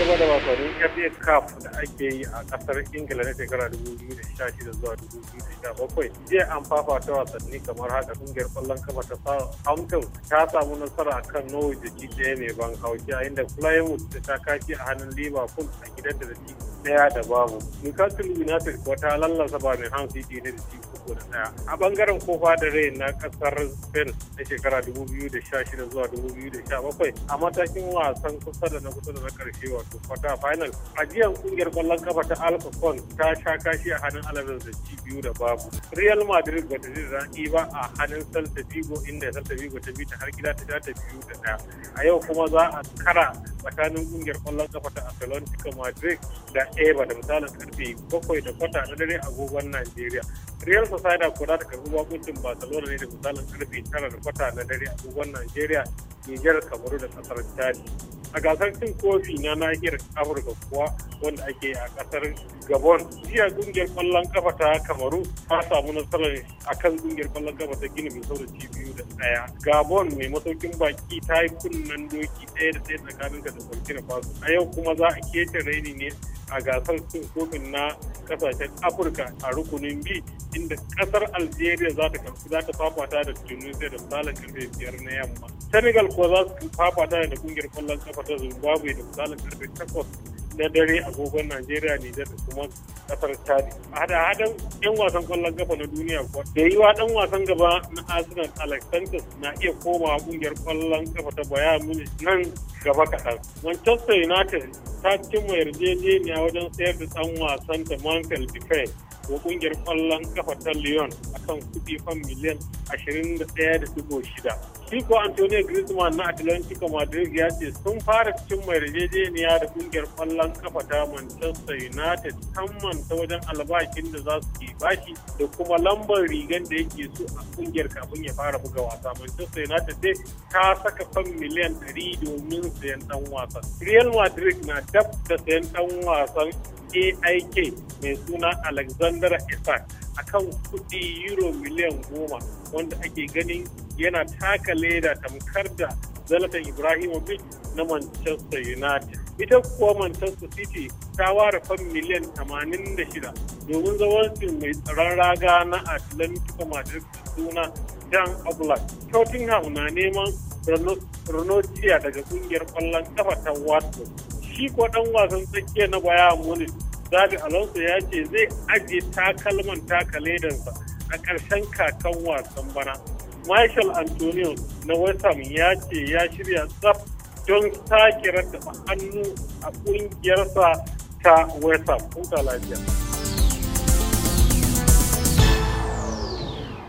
gaba da wasannin FA Cup da ake yi a kasar Ingila na shekara 2016 zuwa 2017. Jiya an fafata wasanni kamar haka kungiyar kwallon kama ta Southampton ta samu nasara a kan Norwich da ci ɗaya mai ban hauki a inda Plymouth ta kashi a hannun Liverpool a gidan da da daya da babu newcastle united ko ta lallasa ba mai han city ne da cikin uku da daya a bangaren kofa da rai na kasar spain na shekara 2016 zuwa 2017 a matakin wasan kusa da na kusa da na karshe wato kwata final ajiyar kungiyar kwallon kafa ta alcacon ta sha kashi a hannun alaves da ci biyu da babu real madrid ba ta ji daɗi ba a hannun celta vigo inda celta vigo ta bi ta har gida ta ta biyu da daya a yau kuma za a kara tsakanin kungiyar kwallon kafa ta Atlantico Madrid da Eba da misalin karfe bakwai da kwata na dare agogon Najeriya. Real Sociedad ko za ta karbi bakuncin Barcelona ne da misalin karfe tara da kwata na dare agogon Najeriya, Nijar, Kamaru da kasar Chad. a gasar cin kofi na nahiyar afirka kuwa wanda ake a kasar gabon jiya kungiyar kwallon kafa ta kamaru ta samu nasarar kan kungiyar kwallon kafa ta gini mai saurin biyu da daya gabon mai masaukin baki ta yi kunnen doki daya da daya tsakanin da burkina faso a yau kuma za a keta raini ne a gasar cin kofin na kasashen afirka a rukunin bi inda kasar algeria za ta fafata da tunisia da misalin karfe biyar na yamma senegal kuwa za su fafata da kungiyar kwallon kafa ta zimbabwe da misalin karfe takwas na dare agogon najeriya ne da kuma kasar chadi a hada hadan yan wasan kwallon kafa na duniya kuwa da yi wa dan wasan gaba na arsenal alex sanchez na iya komawa kungiyar kwallon kafa ta bayan munich nan gaba kaɗan manchester united ta cimma yarjejeniya wajen sayar da ɗan wasan da Montel Dupay ko kungiyar kwallon kafa ta Lyon akan kuɗi fan miliyan 21.6. Shi ko Antonio Griezmann na Atlantico Madrid ya ce sun fara cimma yarjejeniya da kungiyar kwallon kafa ta Manchester United tamman ta wajen albashin da za su ke bashi da kuma lambar rigan da yake so a kungiyar kafin ya fara buga wasa. Manchester United dai ta saka fan miliyan 100 domin sayan dan wasan. Real Madrid na tab da sayan ɗan wasan AIK mai suna Alexander a kan kuɗi euro miliyan goma wanda ake ganin yana taka leda tamkar da Zalatan Ibrahimovic na Manchester United. Ita kuwa Manchester City ta ware fan miliyan 86 domin zawancin mai tsaron raga na Atlantico Madrid suna Dan Oblak. Tottenham na neman Ronaldo daga kungiyar kwallon kafa ta Watford. shi ko dan wasan tsakiya na baya muni zabi alonso ya ce zai ajiye takalman takaledansa a ƙarshen kakan wasan bana michael antonio na wasan ya ce ya shirya tsaf don sake rattaba hannu a ƙungiyarsa ta wasan kuka lafiya